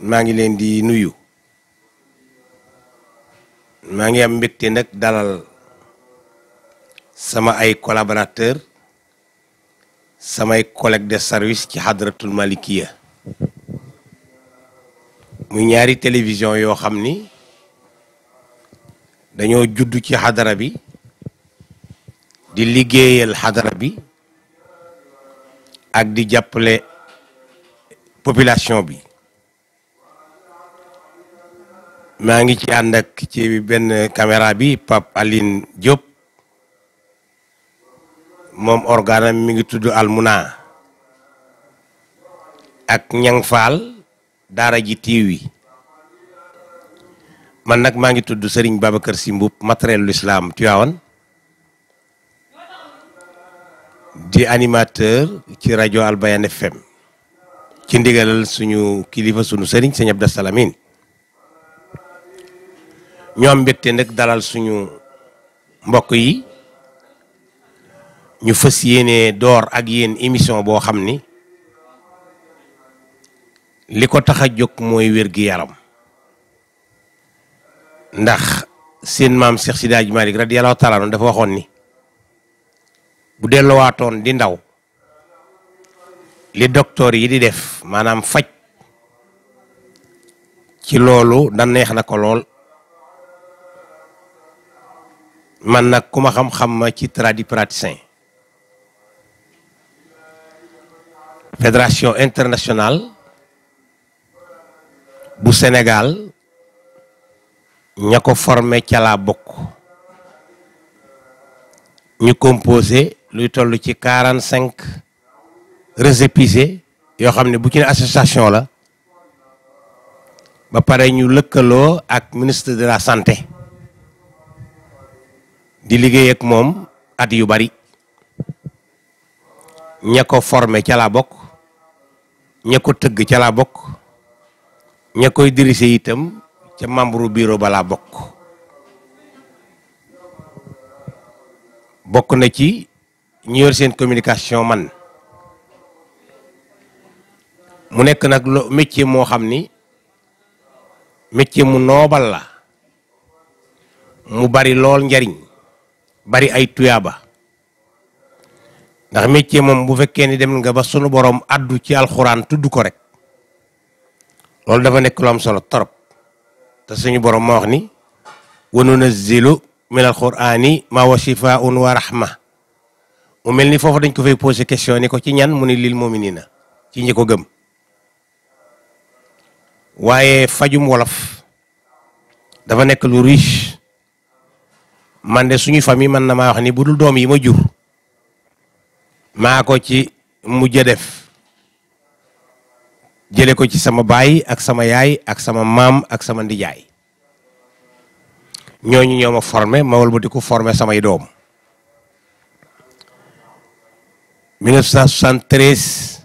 maa ngi leen di nuyu maa ngi am mbégte nag dalal sama ay collaborateur samay collègue de service ci Hadratul Malikiya muy ñaari télévision yoo xam ni dañoo juddu ci xadara bi di liggéeyal xadara bi ak di jàppale population bi mangi ci ànd ak ci ben caméra bi pap Aline Diop mom organam mi ngi tudd Almuna ak Ñang fal dara ji tiiw man nak mangi tuddu Serigne Babacar simbou matériel l'islam di animateur ci rajo Albayan FM ci ndigalal suñu kilifa suñu Serigne seigne Abdou ñoo mbégte dalal suñu mbokk yi ñu dor yéene imisong ak yéen émission boo xam ni li ko tax a jóg mooy wér-gi-yaram ndax seen maam Cheikh Sidi Hadji radiyallahu taala dafa waxoon ni bu delluwaatoon di ndaw li docteur yi di def maanaam faj ci loolu da neex man nak kuma xam-xam ma ci praticien fédération internationale bu Sénégal ñako ko formé ca laa bokk ñu composé luy tollu ci quarante cinq yo xamné ne bu ci association la ba pare ñu ak ministre de la santé di liggéey ak moom at yu bari ña ko formé ca laa bokk ña ko tëgg ca laa bokk ña koy dirise itam ca membre bureau ba laa bokk bokk na ci ñu yor seen communication man mu nekk nag lo moo xam ni métier mu noobal la mu bari lool njariñ bari ay tuyaba ndax métier mom bu fekkee ni dem nga ba sunu borom addu ci alxuraan tuddu ko rek lolou dafa nek lu am solo torop ta suñu borom mo wax ni wa min alqurani ma wa shifaa'un wa rahmah mu melni fofu dañ ko fay poser question ni ko ci ñan mu ni lil muminina ci ñi ko gëm waye fajum wolof dafa nek lu riche man de suñu famille man na ma wax ni budul dom yi ma jur maa ko ci mujj def jele ko ci sama baay ak sama yaay ak sama mam ak sama ñoñu ñoma formé ma formé bu diku formé samay dom 1973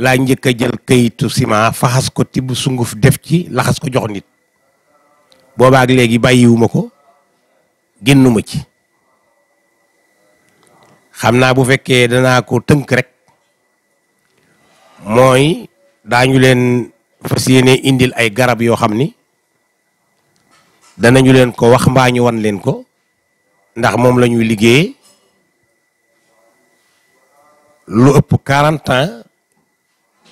la njëkk jël kayitu fa faxas ko sunguf def ci laxas ko jox nit boobaag léegi génnuma ci xam naa bu fekkee danaa ko tënk rek mooy daañu leen fas yéene indil ay garab yoo xam ni danañu leen ko wax mbaa wan leen ko ndax moom lañuy ñuy liggéeye lu ëpp quarante ans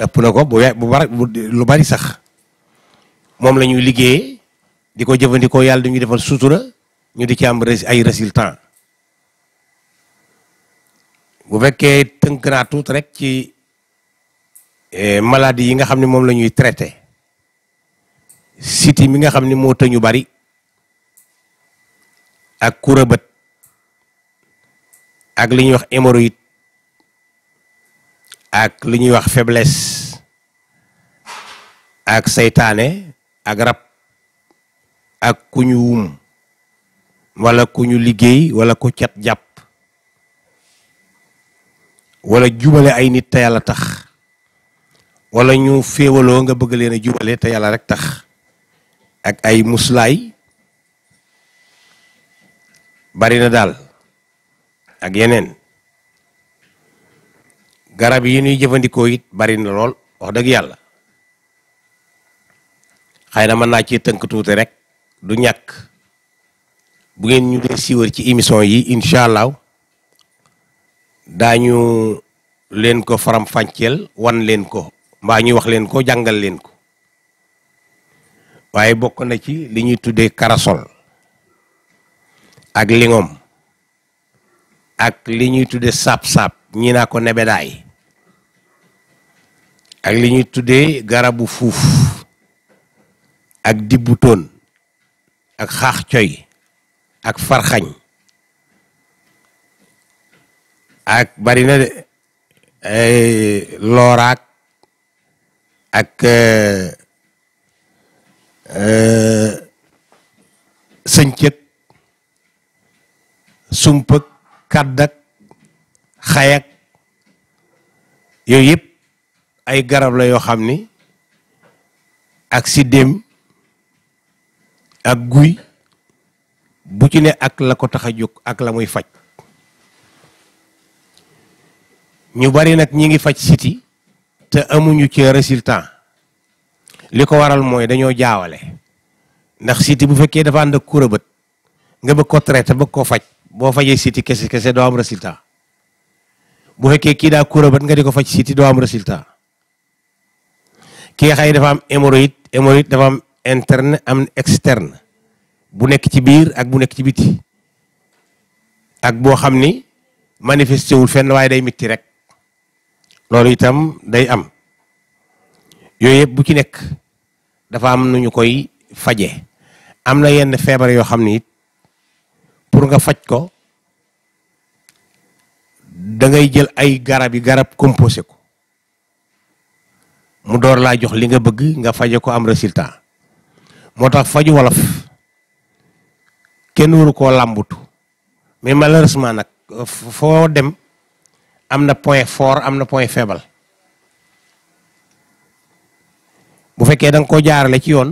ëpp na ko bu bari sax moom lañuy ñuy liggéeye di ko jëfandikoo yàlla dañuy defal sutura ñu di ci am ay résultat bu fekkee tënk naa tuut rek ci eh, maladie yi nga xam ne moom la ñuy traité siti mi nga xam ni moo tëñu bari ak kurabët ak li ñuy wax hémorroïde ak li ñuy wax faiblesse ak saytaane ak rab ak kuñu wum wala ku ñu liggéey wala ku cat jàpp wala jubale ay nit te yàlla tax wala ñu féewaloo nga bëgg leen a jubale te yàlla rek tax ak ay muslaay bari na daal ak yeneen garab yi ñuy jëfandikoo yit bari na lool wax dëgg yàlla xëy na mën naa ci tënk tuuti rek du ñàkk bu ngeen ñu dee siiwar ci émission yi incha allah daañu leen ko faram fàcceel wan leen ko mbaa ñuy wax leen ko jàngal leen ko waaye bokk na ci li ñuy tuddee karasol ak lingom ak li ñuy tuddee saab-saab ñi naa ko nebedaay ak li ñuy tuddee garabu fuuf ak dibbu toon ak xaax coy ak farxañ ak bari na de looraak ak eh, eh, sëncëg sumpëg kàddak xayak yooyu yëpp ay garab la yoo xam ni ak siddéem ak guy bu ci ne ak la ko tax a jóg ak la muy faj ñu bari nag ñi ngi faj siti te amuñu ci résultat li ko waral mooy dañoo jaawale ndax siti bu fekkee dafa ànd ak kurabët nga bëgg ko traité bëgg ko faj boo fajee siti kese kese doo am résultat bu fekkee kii daa kurabët nga di ko faj siti doo am résultat kii xay dafa am hémorroïde hémorroïde dafa am interne am externe bu nekk ci biir ak bu nekk ci biti ak boo xam ni manifesté wul fenn waaye day mitti rek loolu itam day am yooyu yëpp bu ci nekk dafa am nu ñu koy faje am na yenn feebar yoo xam ni it pour nga faj ko da ngay jël ay garab garab composé ko mu door laa jox li nga bëgg nga faje ko am résultat moo tax faju wolof kenn waru koo làmbutu mais malheureusement nag euh, foo dem am na point fort am na point feebal bu fekkee da nga ko jaarale ci yoon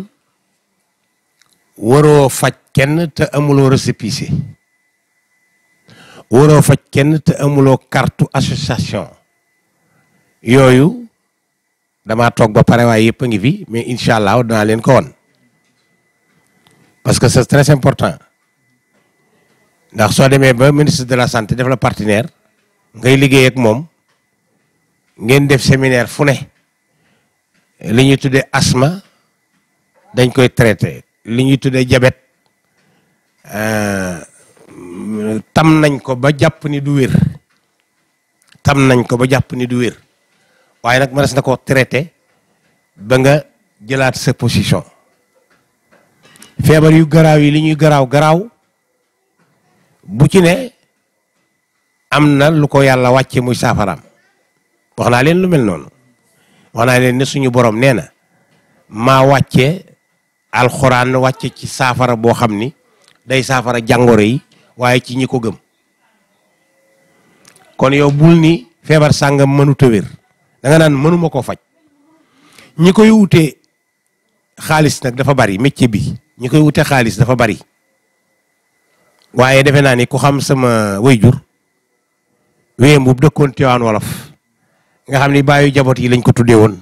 waroo faj kenn te amuloo récépissé waroo faj kenn te amuloo kartu association yooyu damaa toog ba pare waaye yëpp a ngi fi mais incha allah danaa leen ko won parce que c'est très important ndax so démé ba ministre de la santé def la partenaire ngay liggéey ak mom ngeen def séminaire fune ne tuddé ñuy asma dañ koy traiter li tuddé diabète jabet euh, tam nañ ko ba japp ni du wër tam nañ ko ba japp ni du wër waaye nak ma res nako traiter ba nga jëlat sa position feebar yu graw yi li graw graw bu ci ne am na lu ko yàlla wàcce muy saafaraam wax naa leen lu mel noonu wax naa leen ne suñu boroom nee na maa wàcce alxuraan wàcce ci saafara boo xam ni day saafara jàngoro yi waaye ci ñi ko gëm kon yow bul ni feebar sàngam mënut wér da nga naan mënuma ko faj ñi koy wute xaalis nag dafa bari métier bi ñi koy wute xaalis dafa bari waaye defe naa ni ku xam sama wayjur wéyam bu dëkkoon Tiwaan Wolof nga xam ni baayu jaboot yi lañ ko tuddee woon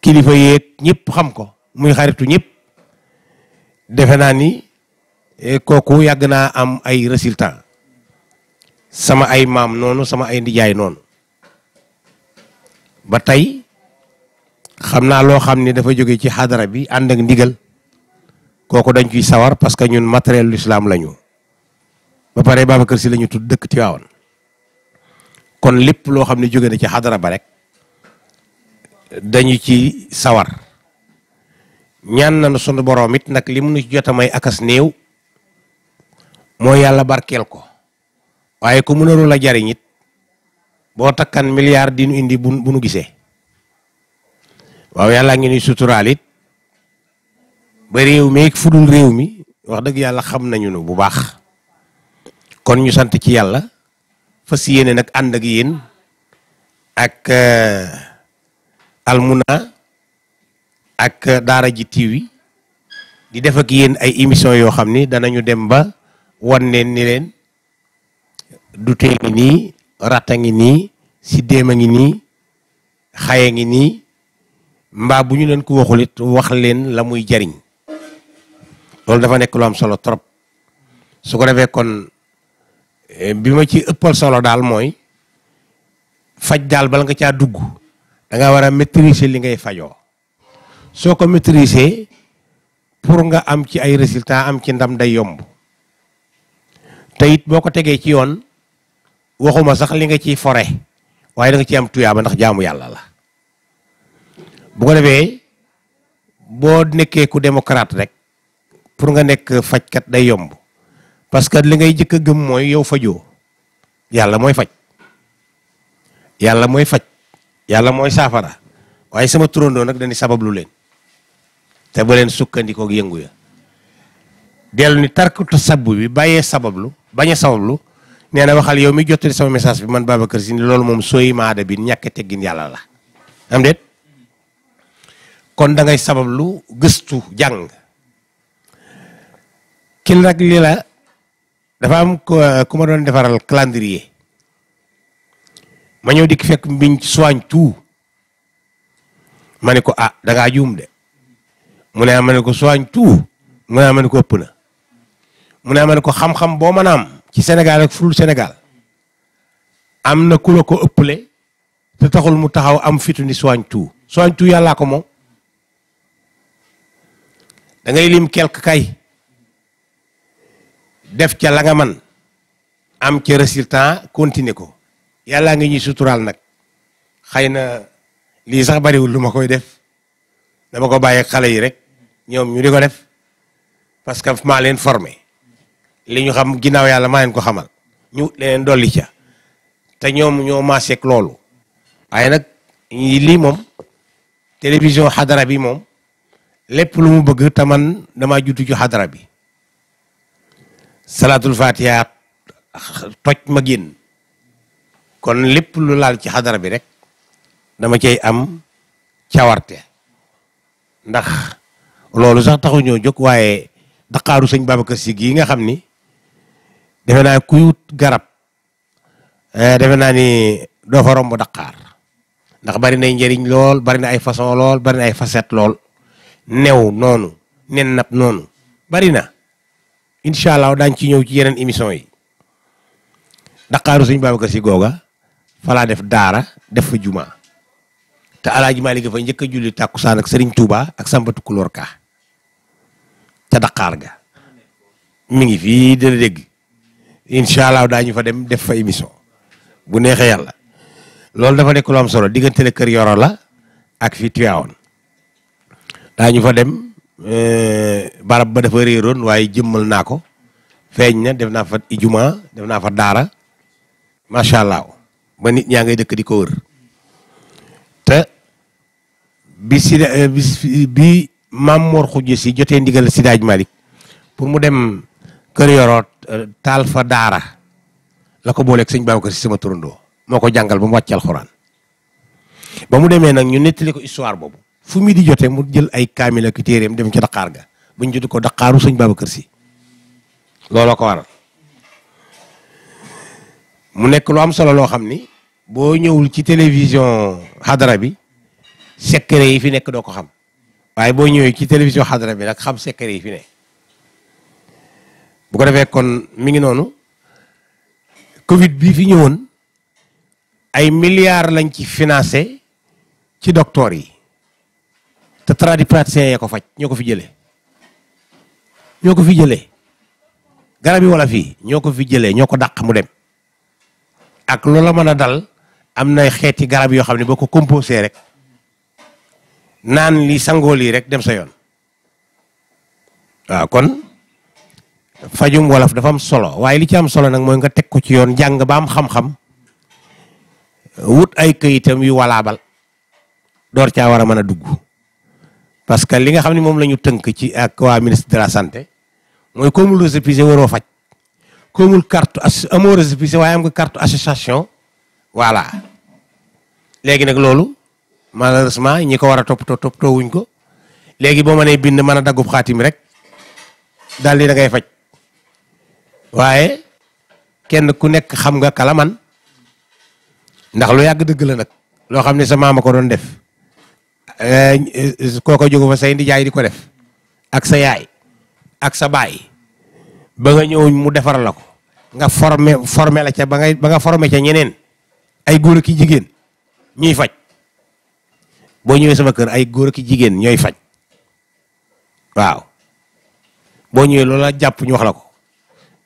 kilifa yeeg ñëpp xam ko muy xaritu ñëpp defe naa ni e, kooku yàgg naa am ay résultat sama ay maam noonu sama ay ndijaay noonu ba tey xam naa loo xam ni dafa jóge ci xadara bi ànd ak ndigal koko dañ ciy sawar parce que ñun matériel l'islam lañu ba paré babakar si lañu tudd dëkk waawon kon lepp lo xamni ne na ci hadara ba rek dañu ci sawar ñaan na sunu borom it nak limu ñu jotta may akas neew mo yalla barkel ko waye ku mënarul la jariñ it takkan milliard di indi bu nu gisee waaw yalla ngi ni suturalit ba réew mi ak fudul réew mi wax deug yalla xam nañu nu bu baax kon ñu sant ci yalla fas ak yeen ak euh, almuna ak euh, dara ji tiwi di def ak yeen ay émission yo xamni ni danañu dem ba wonne ni len du teegi ni rata ngi nii siddéem ngi ni xaye ngi ni mba buñu len ko waxulit wax len lamuy jariñ loolu dafa nekk lu am solo trop su ko defee kon eh, bi ma ci ëppal solo daal mooy faj daal bala nga caa dugg da nga war a maîtriser li ngay fajoo soo ko maîtriser pour nga am ci ay résultats am ci ndam day yomb te it boo ko tegee ci yoon waxuma sax li nga ciy fore waaye da ci am tuyaaba ndax jaamu yàlla la bu ko defee boo nekkee ku démocrate rek pour nga fajj kat day yomb parce que li ngay jëk gëm moy yow ya yalla moy faj yalla moy faj yalla moy safara waye sama dañi sabab lu len té te len sukkandiko ak yëngu ya dellu ni to sabbu bi baye sabablu lu baña sabablu lu na waxal yow mi jotti sama message bi man babakar sin lool mom soyi maade bi ñak teggin yalla la am déet kon da ngay lu gëstu jang. kil nag li la dafa am eh, ku ma doon defaral calendrier ma ñëw dikk fekk mbiñ soiñ tout ma ne ko ah da ngaa juum de mu ne ma ne ko soiñ tout mu ne ma ne ko ëpp na mu ne ma ne ko xam-xam boo mën a am ci Sénégal ak ful Sénégal am na ku la ko ëpple te taxul mu taxaw am fitu ni soiñ tout soiñ tout yàllaa ko moom da ngay lim quelque kay def ca la nga man am ca résultat continuer ko yàllaa ngi ñu suturaal nag xëy na lii sax bariwul lu ma koy def dama ko bàyyi xale yi rek ñoom ñu di ko def parce que maa leen formé li ñu xam ginnaaw yàlla maa leen ko xamal ñu leen dolli ca te ñoom ñoo maaseek loolu waaye nag lii moom télévision xadara bi moom lépp lu mu bëgg te man dama jutu ci xadara bi Salatul fatiha toj ma génn kon lepp lu lal ci hadara bi rek dama cey am cawarte ndax loolu sax taxu ñoo jokk waye daqaaru sëñ Babacar Si gii nga xamni ni defe naa kuy wut garab eh, defe naa ni do fa rombu daqaar ndax bari na ñeriñ lol bari na ay façon lol bari na ay facette lol new nonu nen nap nonu bari na inshallah dañ ci ñew ci yeneen émission yi dakaru sëñ Babacar si def dara def fa juma te alaaji Malik fa ñeuk julli takusan ak sëriñ Touba ak sambatu kulorka ka dakar ga mi ngi fi de deg inshallah dañu fa dem def fa émission bu neexee yalla loolu dafa nek lu am solo diggante la kër yoro la ak fi tiawon dañu fa dem Eh, barab ba dafa réeroon waaye jëmmal naa ko feeñ na def naa fa ijuma def naa fa daara macha allah ba nit ñaa ngay dëkk di ko wër te bi sida eh, bi maam Mor Khoudia si jotee ndigal si daaj Malick pour mu dem kër yoroot eh, taal fa daara la ko booleeg sëñ ko si sama turandoo moo ko jàngal ba mu wàcc alxuraan ba mu demee nag ñu nettali ko histoire boobu. fu mi di jotee mu jël ay kaamil ak téeréem dem ci daqaar ga buñ jotu ko daqaaru sëñ Babacar Si looloo ko waral mu nekk lu am solo loo xam ni boo ñëwul ci télévision xadara bi secret yi fi nekk doo ko xam waaye boo ñëwee ci télévision xadara bi nag xam secret yi fi ne bu ko defee kon mi ngi noonu Covid bii fi ñëwoon ay milliards lañ ci financé ci doctor yi te praticien ya ko faj ñoko fi jëlé ñoko fi jëlé garab wala fi ñoko fi jëlé ñoko dakk mu dem ak loola mëna dal am nay xéti garab yo xamni ne boo rek nan li rek dem sa yoon wa kon fajum wala dafa am solo waye li ci am solo nang moy nga tek ko ci yoon jang ba am xam-xam wut ay këyitam yu walabal dor ci wara mëna parce que li nga xam ne moom la ñu tënk ci ak waa ministre de la santé mooy koomul récépissé waroo faj koomul carte amoo récépissé waaye am nga carte association voilà léegi nag loolu malheureusement ñi ko war a toppatoo toppatoo ko léegi boo mënee bind mën a daggub xaatim rek daal di da ngay faj waaye kenn ku nekk xam nga kalaman ndax lu yàgg dëgg la nag loo xam ne sa maama ko doon def Eh, eh, eh, ko jogu fa say ndijaay di ko def ak sa yaay ak sa bay ba nga ñew mu defar la ko nga formé formé la ca ba nga ba nga formé ca ñeneen ay goor ki jigen ñuy faj bo ñewé sama kër ay goor ki jigen ñoy faj waaw bo ñewé loola japp ñu wax la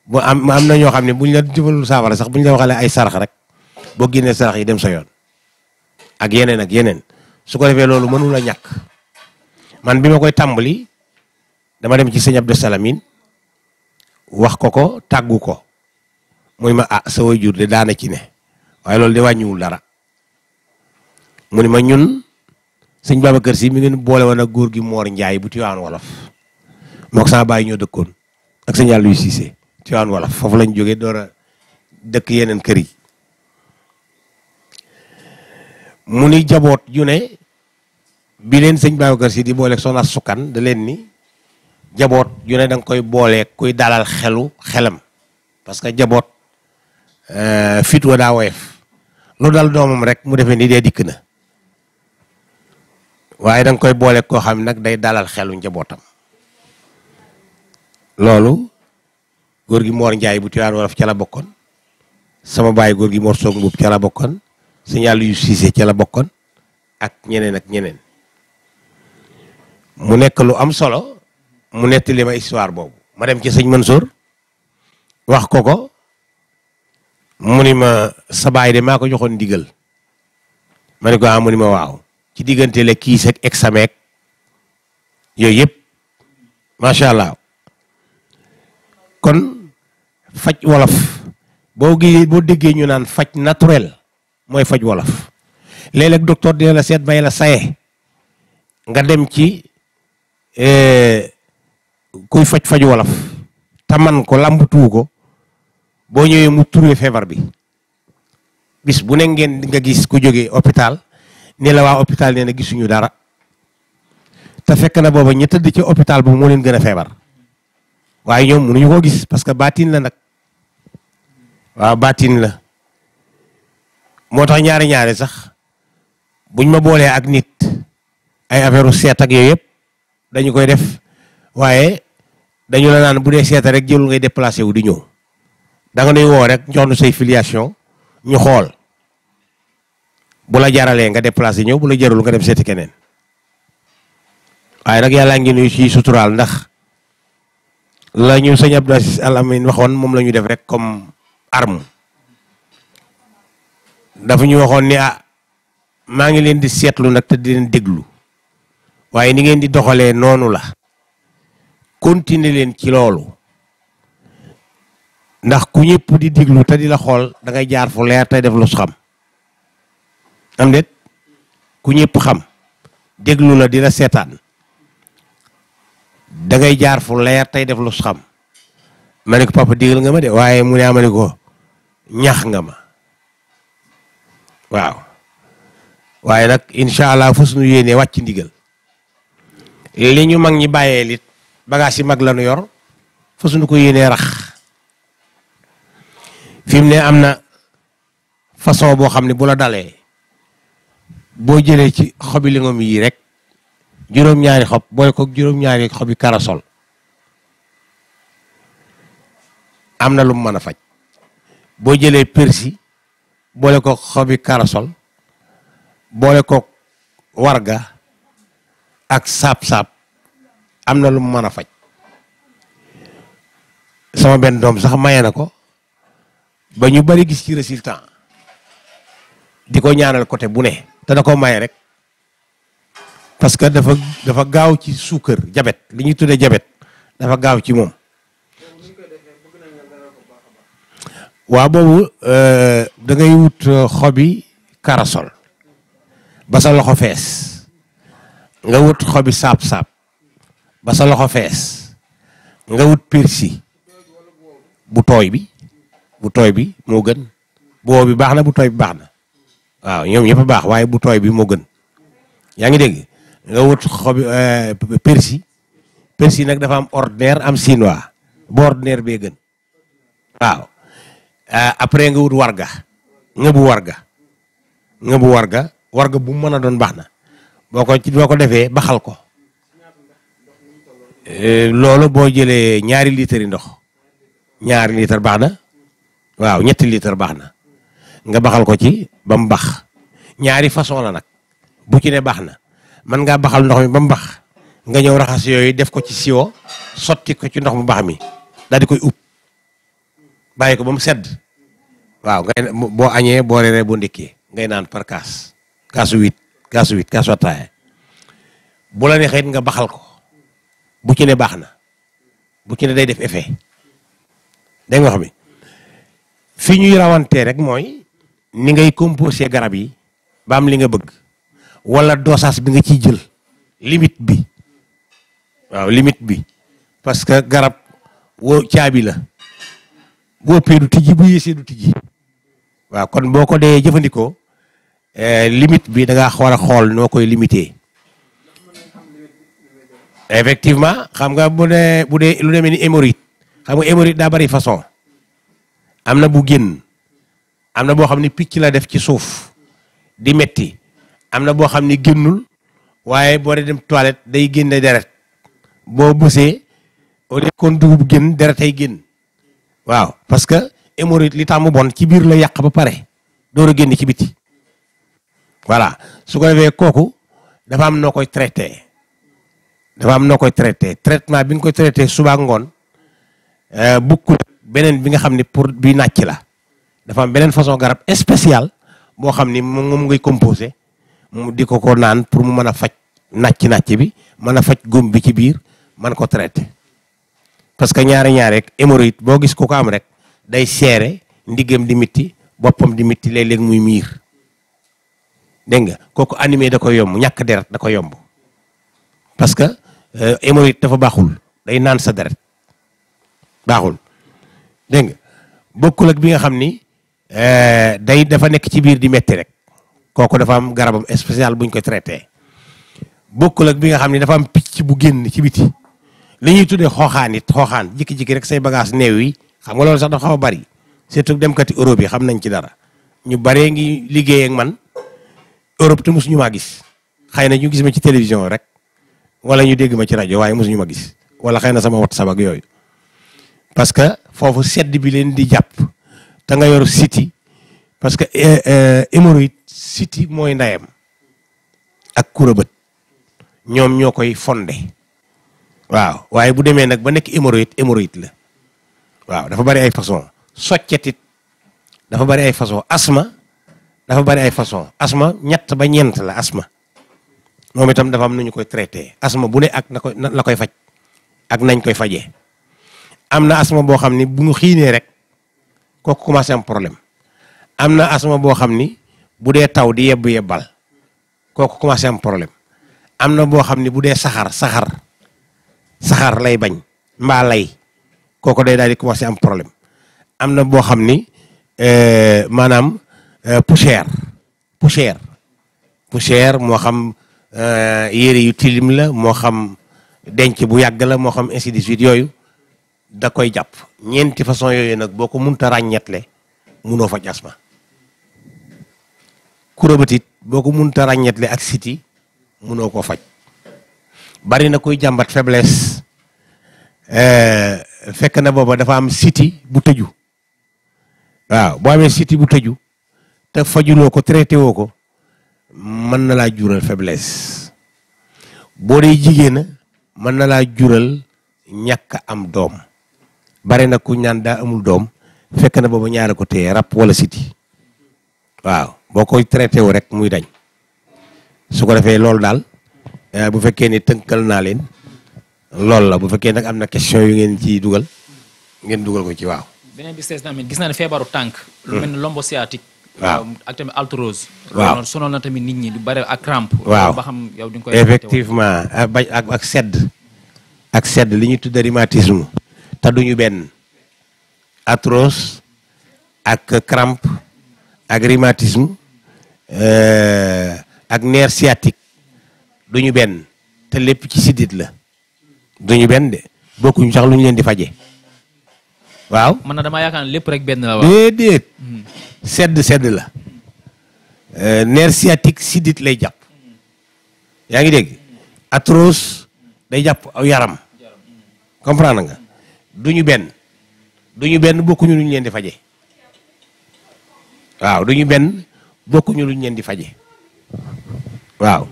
bu am am na ño xamni buñ la jëfalul saafara sax buñ la waxale ay sarax rek bo génnee sarax yi dem sa yoon ak yenen ak yenen su ko defee loolu mënul a ñàkk man bi ma koy tàmbali dama dem ci sëñ Abdou Salamine wax ko ko tàggu ko muy ma ah sa jur de daana ci ne waaye loolu de wàññiwul dara mu ni ma ñun sëñ kër Si mi ngeen boole woon ak góor gi Moor Njaay bu Tiwaan Wolof moo ko sama bàyyi ñoo ak sëñ Aliou Cissé Tiwaan Wolof foofu lañ jógee door dëkk yeneen kër yi mu jaboot ju ne bii leen sëñ Babacar Si di booleeg soxna sukkan da leen ni jaboot yu ne da nga koy booleeg kuy dalal xelu xelam parce que jaboot euh, fit wa daa woyof lu dal doomam rek mu defee ni dee dikk na waaye da koy booleeg koo xam nag day dalal xelu njabootam loolu góor gi Mor Njaay bu Tiwaawan Wolof ca la bokkoon sama baay góor gi Mor Soog Mbuub ca la bokkoon yu siise ca la bokkoon ak ñeneen ak ñeneen mu nekk lu am solo mu nettali ma histoire boobu ma dem ci sëñ Mansour wax ko ko mu ni ma sa baay de maa ko joxoon ndigal ma ne ko ah mu ni ma waaw ci diggante la kiis ak examen ak yooyu yëpp macha allah kon faj wolof boo gi boo déggee ñu naan faj naturel mooy faj wolof léeg-léeg docteur la seet bay la saye nga dem ci Eh, kuy faj faj wolof te man ko làmbatuwu ko boo ñëwee mu turee feebar bi bis bu nekk ngeen nga gis ku jógee hôpital ne la waa hôpital nee na gisuñu dara te fekk na booba ñi tëdd ci hôpital ba moo leen gën a feebar waaye ñoom mënuñu koo gis parce que baatin la nag waaw baatin la moo tax ñaari ñaare sax buñ ma boolee ak nit ay affaire u yooyu yëpp dañu koy def waye dañu la nan budé dee rek jël ngay déplacer wu di ñëw da nga nuy wo rek jox say filiation ñu xol bu la jaralé nga déplacer ñëw bu la jarul nga dem seeti kenen waye rek yalla ngi nuyu ci sutural ndax la ñu sëñ Abdou alamin Al Amin waxoon moom def rek comme arme dafa ñu waxon ni ah ma ngi leen di sétlu nak te di leen déglu waye ni ngeen di doxale nonu la continue len ci lolu ndax ku ñepp di diglu ta di la xol da ngay jaar fu leer tay def lu xam am deet ku ñepp xam deglu la di la setan, da ngay jaar fu leer tay def lu xam ma ko papa digal nga ma de waye mu ne ama ah, ko ñax nga ma waaw waye nak inshallah allah yene wacc li ñu mag ñi bàyyee lit bagaas yi mag lañu yor fa suñu ko yéenee rax fi ne am na façon boo xam ne bu la dalee boo jëlee ci xobi lingom yi rek juróom-ñaari xob boole ko juróom-ñaari xobi karasol am na lu mu mën a faj boo jëlee persi boole ko xobi karasol boole ko warga ak sap, sap am lu mu faj sama ben dom sax maye ko ba ñu bari gis ci resultat diko ñaanal côté bu ne te da ko maye rek parce que dafa dafa gaaw ci jabet li ñu tuddee jabet dafa gaaw ci wa bobu euh da ngay wut euh, xobi karasol ba sa loxo fess nga wut xobi saab-saab ba sa loxo fees nga wut persi bu tooy bi bu tooy bi moo gën bu wow bi baax na bu tooy bi baax na waaw ñoom ñëpp baax waaye bu tooy bi moo gën yaa ngi dégg nga wut xobi persi eh, persi nag dafa am ordinaire am chinois bu ordinaire bee gën waaw eh, après nga wut warga nga bu warga nga bu warga warga bu mën a doon baax na boo ko ci boo ko defee baxal ko eh, loolu boo jëlee ñaari litre yi ndox ñaari litre baax na waaw ñetti litre baax na nga baxal ko ci ba bax ñaari façon la nag bu ci ne baax na mën ngaa baxal ndox mi ba mu bax nga ñëw raxas yooyu def ko ci siwo sotti ko ci ndox mu bax mi daal di koy ub bàyyi ko ba mu sedd waaw ngay boo añee boo reeree boo ndékkee ngay naan par kaas kaasu huit kaasu wit kaasu ataaya bu la neexee nga baxal ko bu ci ne baax na bu ci ne day def effet day nga wax bi fi ñuy rawantee rek mooy ni ngay composé garab yi ba am li nga bëgg wala dosage bi nga ciy jël limite bi waaw limite bi parce que garab woo caabi la boo pee du tijji bu yéesee du tijji waaw kon boo ko dee jëfandikoo Eh, limite bi da nga war a xool noo koy limité effectivement xam nga bu ne bu dee lu demee ni hémorroïde xam nga hémorroïde daa bari façon am na bu génn am na boo xam ni picc la def ci suuf di metti am na boo xam ni génnul waaye boo dee dem toilette day génne deret boo bësee au lieu kon dugub génn deret ay génn waaw parce que hémorroïde li tax mu bon ci biir la yàq ba pare door a génn ci biti voilà su ko defee kooku dafa am noo koy traité dafa am noo koy traité traitement bi nga koy traité suba ak ngoon euh, bukkul beneen bi nga xam ne pour bi nàcc la dafa am beneen façon garab spécial boo xam ni moom ngay composé mu di ko ko naan pour mu mën a faj nàcc nàcc bi mën a faj góom bi ci biir man ko traité parce que ñaari ñaar rek hémorroïde boo gis ko ko am rek day seere ndigam di mitti boppam di mitti léeg-léeg muy miir dégg nga kooku animé da koy yomb ñàkk deret da koy yomb parce que euh, hémorroïde dafa baaxul day naan sa deret baaxul dégg nga bokkul ak bi nga xam ni euh, day dafa nekk ci biir di metti rek kooku dafa am garabam spécial buñ ko traité bokkul ak bi nga xam ni dafa am picc bu génn ci biti li ñuy tuddee xooxaan it xooxaan jikki-jikki rek say bagage néew yi xam nga loolu sax dafa xaw a bari surtout demkati Europe yi xam nañ ci dara ñu baree ngi liggéey man Europe te mosuñu maa gis xëy na ñu gis ma ci télévision rek wala ñu dégg ma ci rajo waaye mosuñu ma gis wala xëy na sama WhatsApp ak yooyu parce que foofu sedd bi leen di jàpp te nga yor siti parce que hémorroïde eh, eh, siti mooy ndayam ak kurabët ñoom ñoo koy fonde waaw waaye bu demee nag ba nekk hémorroïde hémorroïde la waaw dafa bari ay façon soccetit dafa bari ay façon asma dafa bari ay façon asma ñett ba ñent la asma momi tam dafa am nuñ koy traité asma bu ne ak na la koy faj ak nañ koy fajee amna asma bo xamni ni bu ñu xiné rek ko commencé am problème amna asma bo xamni ni bu dé taw di yebbu yebbal ko commencé am problème amna bo xamni ni bu dé sahar sahar sahar lay bañ mbaa lay koko day dal di commencé am problème amna bo xamni euh manam Euh, poussière poussière poussière moo xam euh, yére yu tilim la moo xam denc bu yàgg la moo xam ainsi de suite yooyu da koy jàpp ñeenti façon yooyu nag boo ko munta ràññetle munoo faj asma kurobatit boo ko munta ràññeetle ak siti munoo koo faj bari na koy jàmbat faiblesse euh, fekk na booba dafa am siti bu tëju waaw boo amee siti bu tëju te fajuloo ko traité woo ko mën na laa jural faiblesse boo dee jigéena mën na laa jural ñàkk am doom bare na ku ñaan daa amul doom fekk na booba ñaare ko téye rab wala siti waaw boo koy traité wu rek muy dañ su ko defee loolu daal eh, bu fekkee ne tënkal naa leen loolu la bu fekkee nag am na question yu ngeen ciy dugal ngeen dugal ko ci waaw. Wow, um, ak tamit altrose. waaw noonu sonal di nga koy. effectivement ah, ba ak ak sedd. ak sedd li ñuy tudde rhumatisme. te duñu benn. arthrose ak crampe ak rhumatisme euh, ak nerf sciatique duñu de bokkuñu sax lu ñu leen di faje waaw. man na dama yaakaar lépp rek benn la waaw déedéet. Hmm sedd sedd la eh, nerf sciatique sidit lay japp yaangi deg atros atrose day japp aw yaram comprendre nga duñu ben duñu benn bokkuñu luñ leen di faje waaw duñu bokku ñu di faje waaw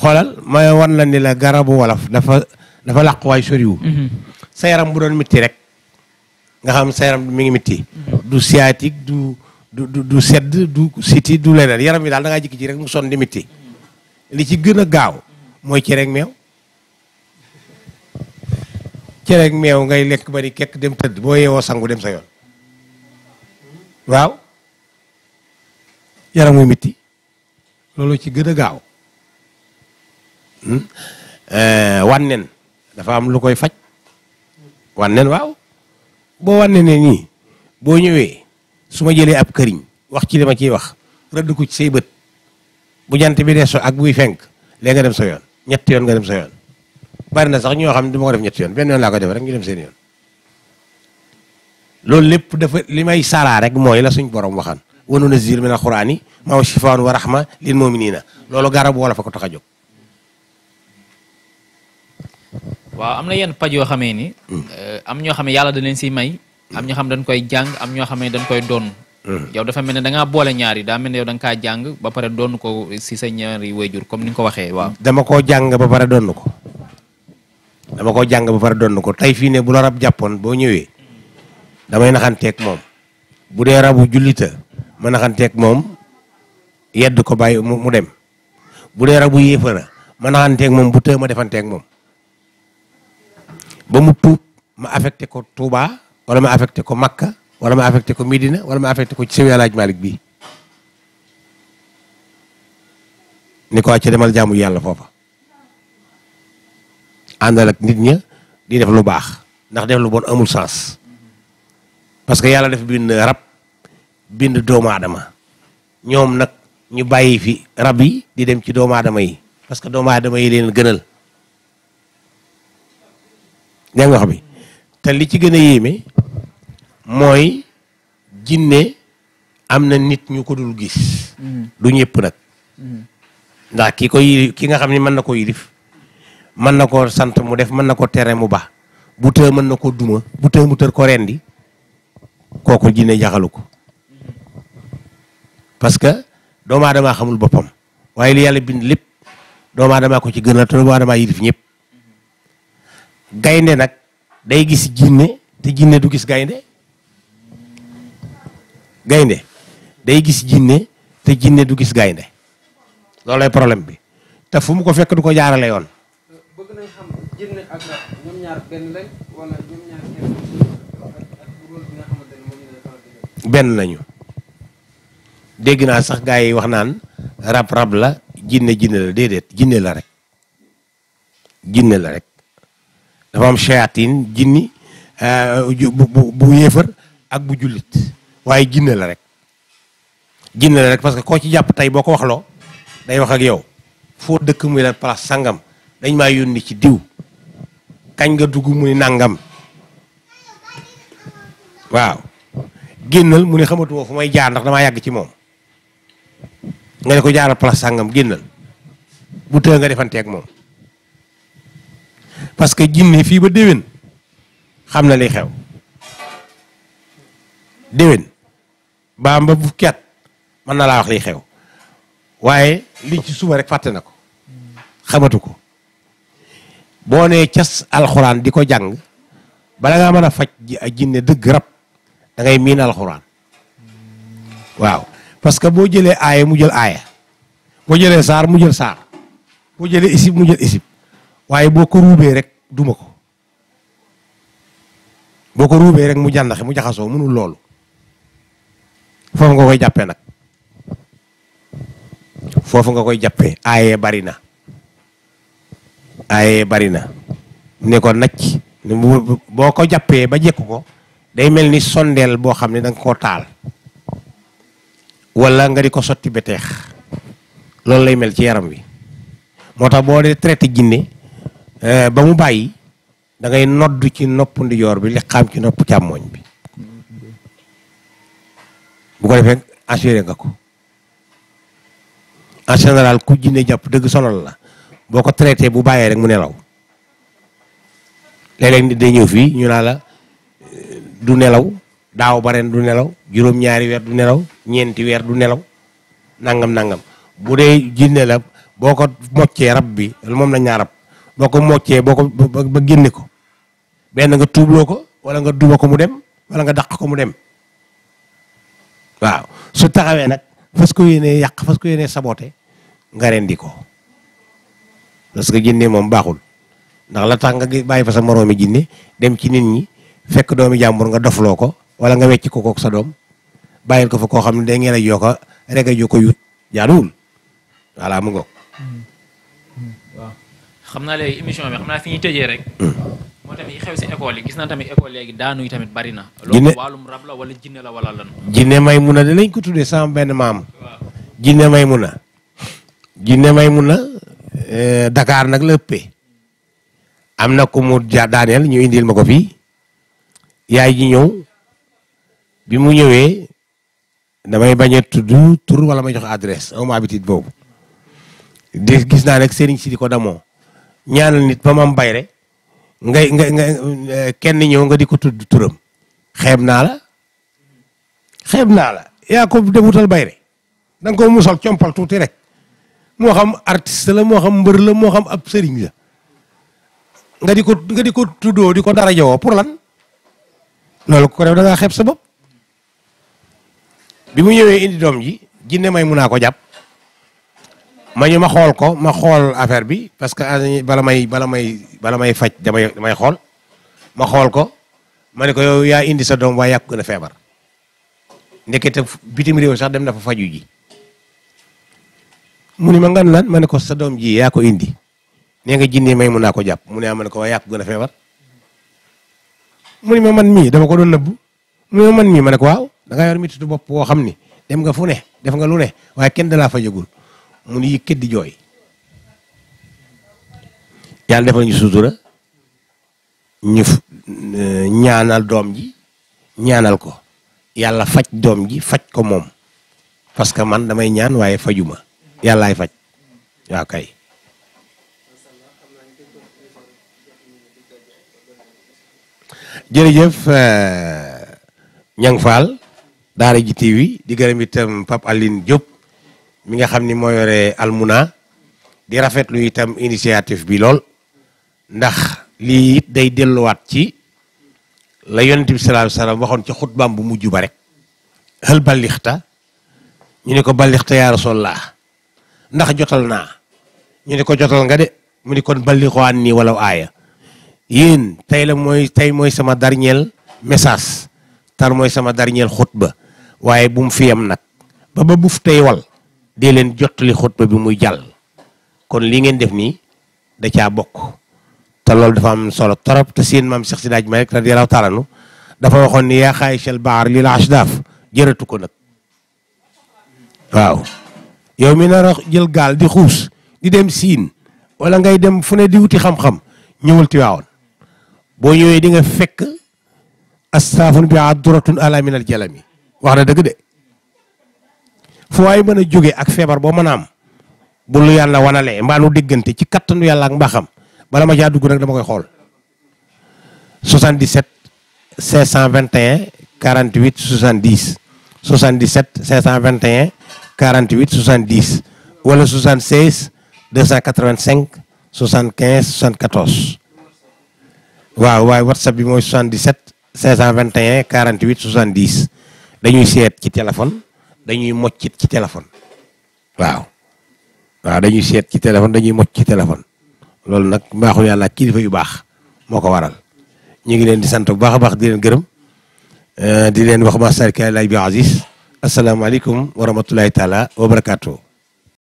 xolal ma won la ni la garabu walaf, dafa dafa làq waay soriwu mhm. sa yaram bu doon mitti rek nga xam sa mi ngi mhm. du sciatique du du sedd du siti du leneen yaram bi daal da ngaa jikki ci rek mu son di mitti li ci gën a gaaw mooy cereeg meew cereeg meew ngay lekk ba ni kekk dem tëdd boo yeewoo sangu dem sa yoon waaw yaram muy mitti loolu ci gën a gaaw hmm? eh, wànnen dafa am lu koy faj wànnen waaw boo wànnenee nii boo ñëwee su ma jëlee ab këriñ wax ci li ma ciy wax rëdd ko ci say bët bu jant bi dee so ak buy fenk léegi nga dem sa yoon ñetti yoon nga dem sa yoon bari na sax ñoo xam ne du ma ko def ñetti yoon benn rek ñu dem seen yoon loolu lépp dafa li may saraa rek mooy la suñ borom waxaan wa nunazzilu mina al-qur'ani ma huwa shifaa'un wa rahma lil mu'minina loolu garab wala fa ko tax a jóg waaw am na yenn paj yoo xamee ni hmm. eh, am ñoo xam ne yàlla da si may am ñoo xam dañ koy jàng am ñoo xam dañ koy doon hmm. yow dafa mel ne da ngaa boole ñaari yi daa mel ne yow da kaa jàng ba pare doon ko si sa ñaari wéjur comme ni nga ko waxee waaw dama koo jàng ba pare doon ko dama koo jàng ba pare doon ko tey fii ne bu la rab jàppoon boo ñëwee damay naxanteeg moom bu dee rabu jullita ma naxanteeg moom yedd ko bàyyi mu dem bu dee rabu yéefara ma naxanteeg moom bu tëë ma defanteeg moom ba mu tuub ma affecté ko Touba wala ma affecté ko Makka wala ma affecté ko Medina wala ma affecté ko ci Seydou El Hadj ni ko ci demal jaamu yàlla foofa àndal ak nit ña di def lu baax ndax def lu bon amul sens parce que yàlla def bind rab bind doomu aadama ñoom nag ñu bàyyi fi rab yi di dem ci doomu aadama yi parce que doomu aadama yi leen gënal dégg nga wax bi te li ci gën a yéeme mooy jinne am na nit ñu ko dul gis. du ñëpp nag. ndax ki koy yilif ki nga xam ne mën na ko yilif mën na koo sant mu def mën na ko tere mu ba bu tëë mën na ko duma bu tëë mu tër ko kooku jinne jaxalu ko parce que doomu aadama xamul boppam waaye li yàlla bind lépp doomu aadama ko ci gënal te doomu aadama yilif ñëpp gaynde nag day gis jinne te jinne du gis gaynde gaynde day gis jinne te jinne du gis gaynde loolay problème bi te fu mu ko fekk du ko jaarale yoon. benn lañ lañu dégg naa sax gaa yi wax naan rab rab la jinne jinne la déedéet jinne la rek jinne la rek dafa am shayatin jinni euh, bu bu bu yéefar ak bu jullit waaye jinne la rek jinne la rek parce que koo ci jàpp tey boo ko waxloo day wax ak yow foo dëkk muy la place sangam dañ maa yónni ci diw kañ nga dugg mu ni nangam waaw génnal mu ni xamatuma fu may jaar ndax damaa yàgg ci moom nga ne ko jaaral place sangam génnal bu tëë nga defanteeg moom parce que jinne fii ba déwén xam na li xew déwén ba ba fukki at mën na laa wax liy xew waaye li ci suba rek fàtte na ko xamatu ko boo nee cas alxuraan di ko jàng bala nga mën a faj jinne dëgg rab da ngay miin alxuraan waaw parce que boo jëlee aaya mu jël aaya boo jëlee saar mu jël saar boo jëlee isib mu jël isib waaye boo ko ruubee rek duma ko boo ko ruubee rek mu jàndaxe mu jaxasoo mënul loolu foofu nga koy jàppee nag foofu nga koy jàppee aaye bari na aayee bari na ne ko nag boo ko jàppee ba jekk ko day mel ni sondeel boo xam ne danga nga koo taal wala nga di ko sotti beteex loolu lay mel ci yaram wi moo tax boo dee traité jinne eh, ba mu bàyyi dangay nodd ci nopp ndijoor bi li xaam ci noppu càmmoñ bi bu ko defee assuré nga ko en général ku jinne jàpp dëgg sonal la boo ko traité bu bàyyee rek mu nelaw léeg-léeg nit day ñëw fii ñu naa la du nelaw daaw ba du nelaw juróom-ñaari weer du nelaw ñeenti weer du nelaw nangam nangam bu dee jinne la boo ko moccee rab bi moom la ñaarab boo ko moccee boo ko ba génne ko benn nga tuubloo ko wala nga duba ko mu dem wala nga daq ko mu dem waaw su taxawee nag fas ko yéenee yàq fas ko yéenee saboté nga rendi ko parce que jinne moom baaxul ndax la tax nga bàyyi fa sa moroomi jinne dem ci nit ñi fekk doomi jàmbur nga dofloo ko wala nga wecc ko kook sa doom bàyyil ko fa koo xam ne da ngeen a yoo ko rek a yoo ko yut jaaduwul wala mu ngoog. Hmm. Hmm. xam naa léegi émission bi xam naa fi ñuy rek. Hmm. moo tamit xew si école yi gis na tamit école léegi daanuy tamit bari na. jinne loolu wàllum rab la wala jinne la wala lan. jinne Maymuna dinañ ko tuddee sama benn maam. jinne Maymuna. jinne Maymuna eh, dakaar nag la ëppee. am na ku mu ja daaneel ñu indil ma ko fii. yaay ji ñëw. bi mu ñëwee. damay bañ a tudd tur wala may jox adresse amu ma habitude boobu. di gis naa nag Serigne si di ko damoo. ñaanal nit ba ma am bayre ngay nga nga eh, kenn ñëw nga di ko tudd turam xeeb naa la xeeb naa la yaa ko defutal bay da danga ko musal compal tuuti rek moo xam artiste la moo xam mbër la moo xam ab sëriñ la nga di ko nga di ko tuddoo di ko dara jawoo pour lan loolu ko def da ngaa xeeb sa bopp bi mu ñëwee indi doom ji jinne may mun naa ko jàpp ma ñu ma ko ma xol affaire bi parce que ah, bala may bala may bala may fajj damay damay xol ma xol ko ma ko yow ya indi sa dom wa yak na febar feebar bitim rew sax dem na fa faju ji ma ngan lan mané ko sa dom ji ya ko indi ne nga ah, jinni may mu na ko japp muni amane ko wa yak gën a feebar mu ma man mi dama ko don neub muni ma man mi mané ko waw da nga yor mitu bop woo xamni dem nga fu ne def nga lu ne mu nu yëkkat jooy yàlla defal ñu sutura ñu euh, ñaanal doom ji ñaanal ko yàlla faj doom ji faj ko moom parce que man damay ñaan waaye fajuma yàllaay faj waaw kay jërëjëf Ñang euh, Faal Daara J TV di gërëm itam Pape Aline mi nga xamni ni yoré almuna di rafetlu itam initiative bi lol ndax li it day wat ci la yonnati bi sallallahu alayhi wasallam waxon ci khutbam bu mujju ba rek hal balighta ñu ne ko balighta ya rasulullah ndax jotal naa ñu ne ko jotal nga de mu ni kon balighu anni wala aya aaya tay la moy tay moy sama darniel message tar moy sama darniel khutba waye bu mu fiyam nak ba ba buf tay wal dee leen jottali xutba bi muy jàll kon li ngeen def nii da caa bokk te loolu dafa am solo trop te seen maam Cheikh Sidaaj Malik radiyallahu taala anhu dafa waxoon ni yaa xaayisal baar lil ashdaaf jëratu ko nag waaw yow mi na a jël gaal di xuus di dem siin wala ngay dem fu ne di wuti xam-xam ñëwal Tiwaawan boo ñëwee dinga fekk astaafun bi adratun ala jalami wax na dëgg de fooy mëna joggé ak fébar bo mëna am bu lu yalla wanalé mbaa nu diggante ci kattanu yalla ak mbaxam bala ma ja dugg nag dama koy xol 77 521 48 70 77 521 48 70 wala 76 285 75 74 waaw waay whatsapp bi moy 77 521 48 70 dañuy sét ci téléphone dañuy moccit ci téléphone waaw waaw dañuy seet ci téléphone dañuy mocc ci téléphone loolu nag mbaaxul yàlla ak yu baax moo ko waral ñu ngi leen di sant bu baax a baax di leen gërëm eh, di leen wax ma sarkaay laaj bi Aziz asalaamaaleykum wa rahmatulahi taala wa